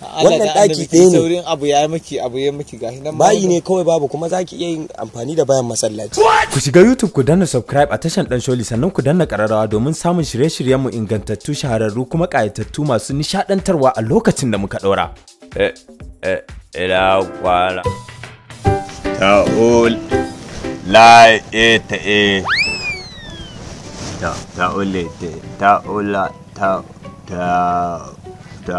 wannan ɗaki ɗaya ne saurin abu ya maki abu ya maki gashi nan bayi ne kawai babu kuma zaki iya yin amfani da bayan masallaci ku shiga youtube ku danna subscribe a tashan dan sholi sannan ku danna kararrawa domin samun shirye-shiryen mu ingantattu shahararru kuma kayatattu masu nishadantarwa a lokacin da muka ɗora eh, eh ila kwala la e ta e ta e ta ta ta ta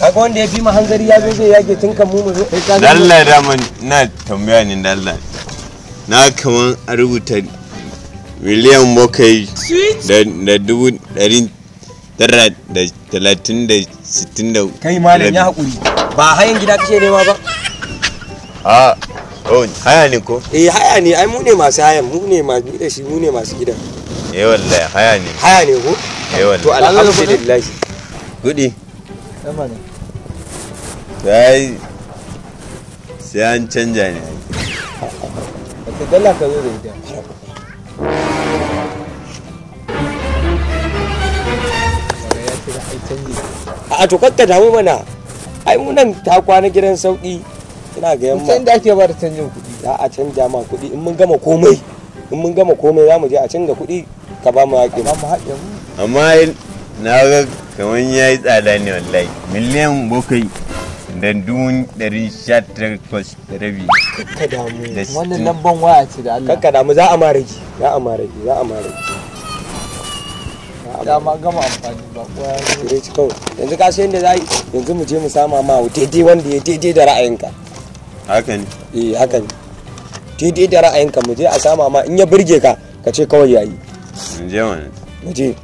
kaga wanda ya fi mu hanzari ya zo zai yage tun kan mu mu zo dalla da na tambaya ne dalla na kaman a rubuta miliyan bakwai da dubu dari tara da talatin da sittin da kai malam ya haƙuri ba hayan gida kashe nema ba a oh haya ne ko eh haya ne ai mu ne masu hayan mu ne masu da shi mu ne masu gidan eh wallahi haya ne haya ne ko eh wallahi to alhamdulillah gudi Come on. sai sai an canja ne ka dala ka zo da ita a to kakka damu mana ai munan ta kwana gidan sauki ina ga yamma sai da ake ba da canjin kuɗi za a canja ma kuɗi in mun gama komai in mun gama komai za mu je a canja kuɗi ka ba mu ba mu haƙƙin amma na ga kaman yayi tsada ne wallahi miliyan bakwai da dun Rabi. ka damu wannan lamban waya ce da Allah ka damu za a ma rage za a ma rage za a ma rage dama gama amfani ba kowa ya ci kawai yanzu ka sai inda za yi yanzu mu je mu sama ma daidai wanda ya daidai da ra'ayinka haka ne eh haka ne daidai da ra'ayinka mu je a sama ma in ya burge ka ka ce kawai yayi mu je mu je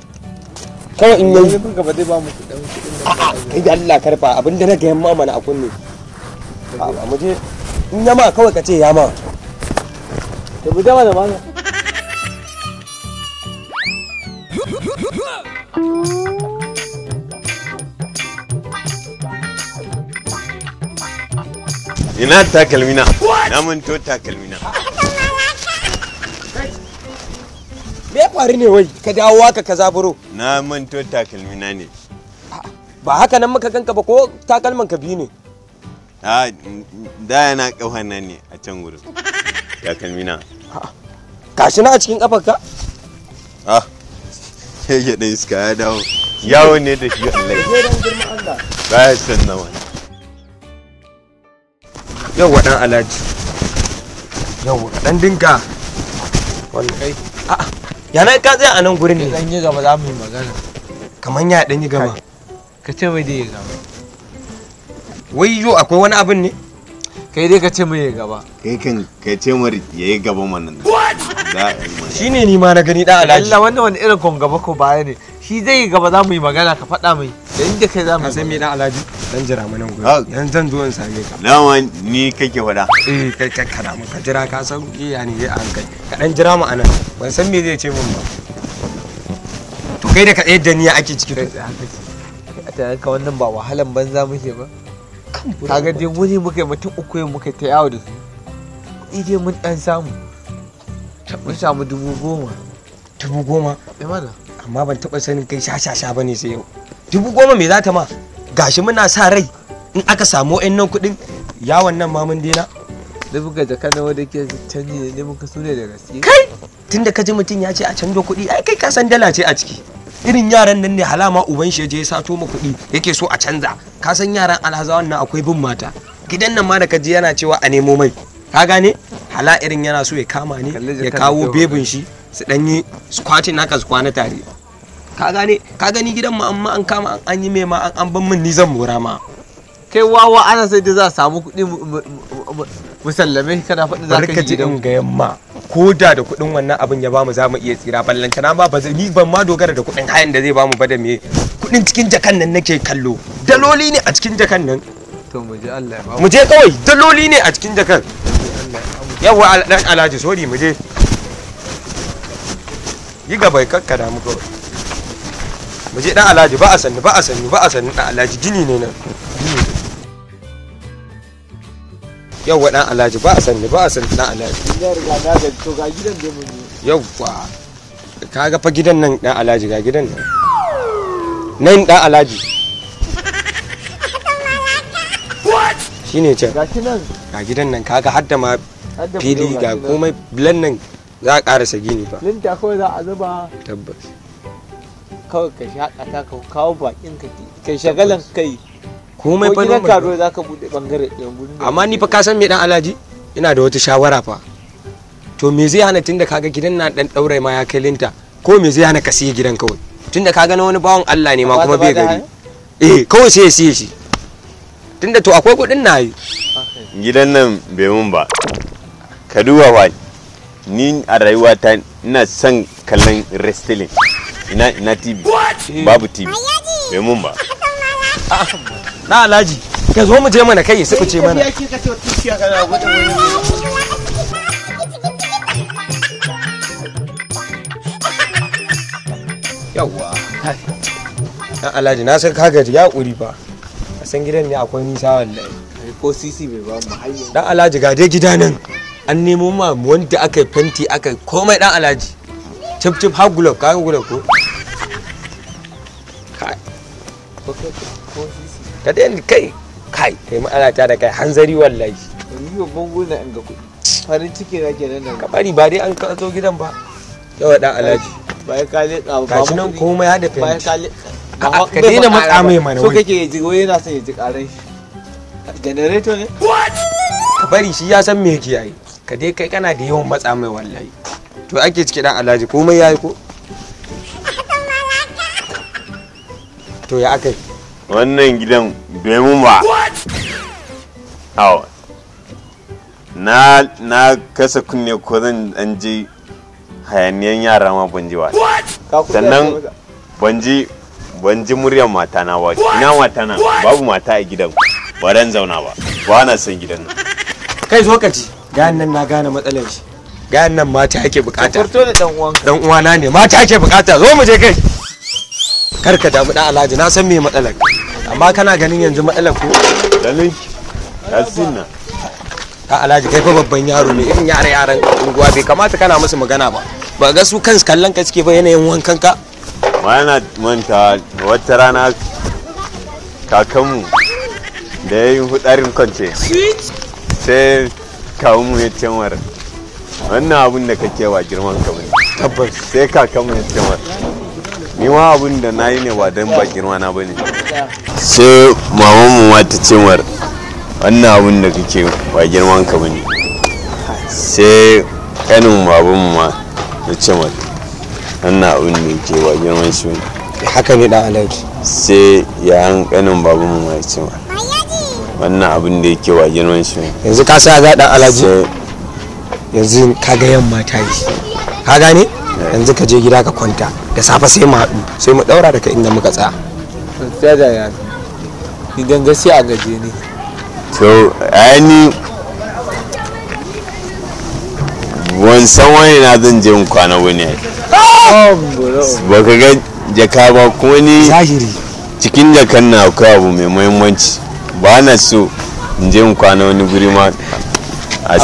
kawai in yayi ba zai ba mu kudin kudin a'a kai da Allah karfa abinda na ga yamma mana a kunne a mu je in yamma kawai ka ce yama da mu dama da mana ina takalmina na manto takalmina me faru ne wai ka dawo haka ka zaburo na manto takalmina ne ba haka nan muka ganka ba ko takalman ka biyu ne a da yana kafan nan ne a can gurin takalmi na kashi na a cikin kafar ka ah yake dan iska ya dawo yawo ne da shi Allah ba ya san na wani yau wa dan alaji yau dan dinka wallahi a'a yana ka tsaya a nan gurin ne zan yi gaba za mu yi magana kaman ya dan yi gaba ka ce mai dai ya gaba wai yo akwai wani abin ne kai dai ka ce mai ya gaba kai kan ka ce mai ya yi gaba manan shine ni ma na gani da alaji Allah wannan wani irin kon gaba ko baya ne shi zai gaba za mu yi magana ka faɗa mai da inda kai za mu san me dan alaji dan jira mu nan gobe Yan ah. zan zo in same ka lawa ni kake wada eh kai ka kada mu ka jira ka san ki yani ya an kai ka dan jira mu anan ban san me zai ce mun ba to kai da ka tsayar da niyya ake ciki tunanin yanka wannan ba wahalan banza muke ba kaga dai wuni muka yi mutum uku yin muka ta yawo da su kuɗi dai mun ɗan samu mun samu dubu goma dubu goma eh mana amma ban taɓa sanin kai sha-sha-sha ba ne sai yau dubu goma me za ta ma gashi muna sa rai in aka samu yan nan kuɗin yawon nan ma mun dina da buga jaka na wanda ke canji ne muka sune da gaske kai tunda ka mutum ya ce a canjo kuɗi ai kai ka san dala ce a ciki irin yaran nan ne halama uban shi je ya sato mu kuɗi yake so a canza ka san yaran alhazawan nan akwai bin mata gidan nan ma da kaji yana cewa a nemo mai ka gane hala irin yana so ya kama ne ya kawo bebin shi su dan yi squatting naka su kwana tare ka gane ka gani gidan mu amma an kama an yi mai ma an ban min ni zan mora ma kai wawa ana sai da za a samu kuɗi sallame kana faɗi za ka yi gidan ga yamma ko da da kuɗin wannan abin ya bamu za mu iya tsira ballantana ma ba ni ban ma dogara da kuɗin hayan da zai bamu ba da me kuɗin cikin jakan nan nake kallo daloli ne a cikin jakan nan to mu je Allah ya mu je kawai daloli ne a cikin jakan yawa dan alhaji sori mu je yi gaba kakkada mu kawai mu je dan alhaji ba a sanni ba a sanni ba a sanni dan alhaji gini ne nan gini Yau wa dan alhaji ba a san ni ba a san dan alhaji ya riga na ga to ga gidan da mun kaga fa gidan nan dan alhaji ga gidan nan nan dan alhaji ne can ga gidan nan kaga har da ma fili ga komai bilan nan za a karasa gini ba linta kawai za a zuba tabbas kawai ka shaƙata ka kawo bakin ka ke shagalan kai komai fa gidan karo za ka bude bangare amma ni fa ka san me dan alaji ina da wata shawara fa to me zai hana tunda kaga gidan na dan daure ma ya kai ko me zai hana ka siye gidan kawai tunda kaga na wani bawan Allah ne ma kuma bai gari eh kawai sai ya siye shi tunda to akwai kuɗin na yi gidan nan bai mun ba ka duba wa ni a rayuwata ina son kallon wrestling ina ina tv babu tv bai mun ba na alhaji ka zo mu je mana kai su ce mana yawwa na alhaji na san kaga ya ƙuri ba. a san gidan ne akwai nisa wallahi ko sisi bai ba mu hayya dan alhaji ga dai gida nan an nemo ma wanda aka yi fenti aka yi komai dan alhaji cip cip har ka kayan gulab ko kai ka daina kai kai kai ma'ana ta da kai hanzari wallahi yiwa bango na in ga kuɗi farin ciki na kenan nan ka bari ba dai an ka zo gidan ba yawa dan alhaji bai ka le ba ka nan komai hada fa bai ka le ka daina matsa mai mana so kake ji wai yana son ya ji karan shi generator ne ka bari shi ya san me yake yi ka dai kai kana da yawan matsa mai wallahi to ake ciki dan alhaji komai yayi ko to ya akai wannan gidan bai mun ba na na kasa kunne ko zan an ji hayaniyan yara ma ban ji ba sannan ban ji ban muryar mata na ba ina mata na babu mata a gidan ba ran zauna ba ba na son gidan nan kai zo ka ji gayan nan na gane matsalar shi gayan nan mata ake bukata dan uwana ne mata ake bukata zo mu je kai kar ka damu da alhaji na san me matsalar amma kana ganin yanzu matsalar ko dalin asinna ka alhaji kai fa babban yaro ne irin yare yaran unguwa bai kamata kana musu magana ba ba ga su kansu kallon ka suke ba yanayin wankan ka ma yana manta wata rana kakanmu da ya yi hudarin kwance sai kawunmu ya ce wannan abun da kake wa girman kamar tabbas sai kakanmu ya ce ni wa abin da na yi ne ba don bakin wana ba ne sai mamanmu ma ta cewar wannan abin da kake ba girman ka ba ne sai kanin babanmu ma ta cewar wannan abin da ke ba girman shi ne haka ne dan alaji sai ya yayan kanin babanmu ma ya ce wannan abin da yake ba girman shi ne yanzu ka sa ga dan alaji yanzu ka ga yamma ta yi ka gane yanzu ka je gida ka kwanta da safe sai mu haɗu sai mu ɗaura daga inda muka tsaya tsada ya idan gaskiya a gaje ne so ayani wansan wani na zan je kwana wani ba ka ga jaka ba kuma ni cikin jakan na akwai abu mai muhimmanci ba na so in je kwana wani guri ma a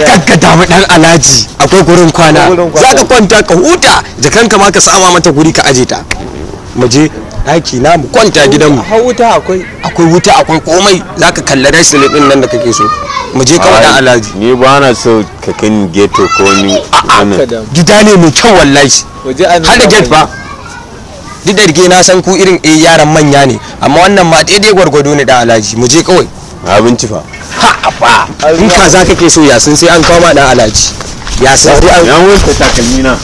kan ka damu dan alaji akwai gurin kwana za ka kwanta ka huta jakanka ma ka sama mata guri ka aje ta mu je daki na mu kwanta gidanmu a wuta akwai akwai wuta akwai komai za ka kalli rasil din nan da kake so mu je kawai dan alaji ni ba na so ka kan ghetto ko ni gida ne mai kyau wallahi har da gate ba duk da rike na san ku irin eh yaran manya ne amma wannan ma daidai gwargwado ne da alaji mu je kawai abinci fa ha in kaza kake so yasin sai an kawo sai an yan wanke takalmi na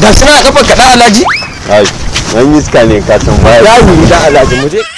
ga suna kafa alaji ai wani iska ne ka san ya yi alaji mu je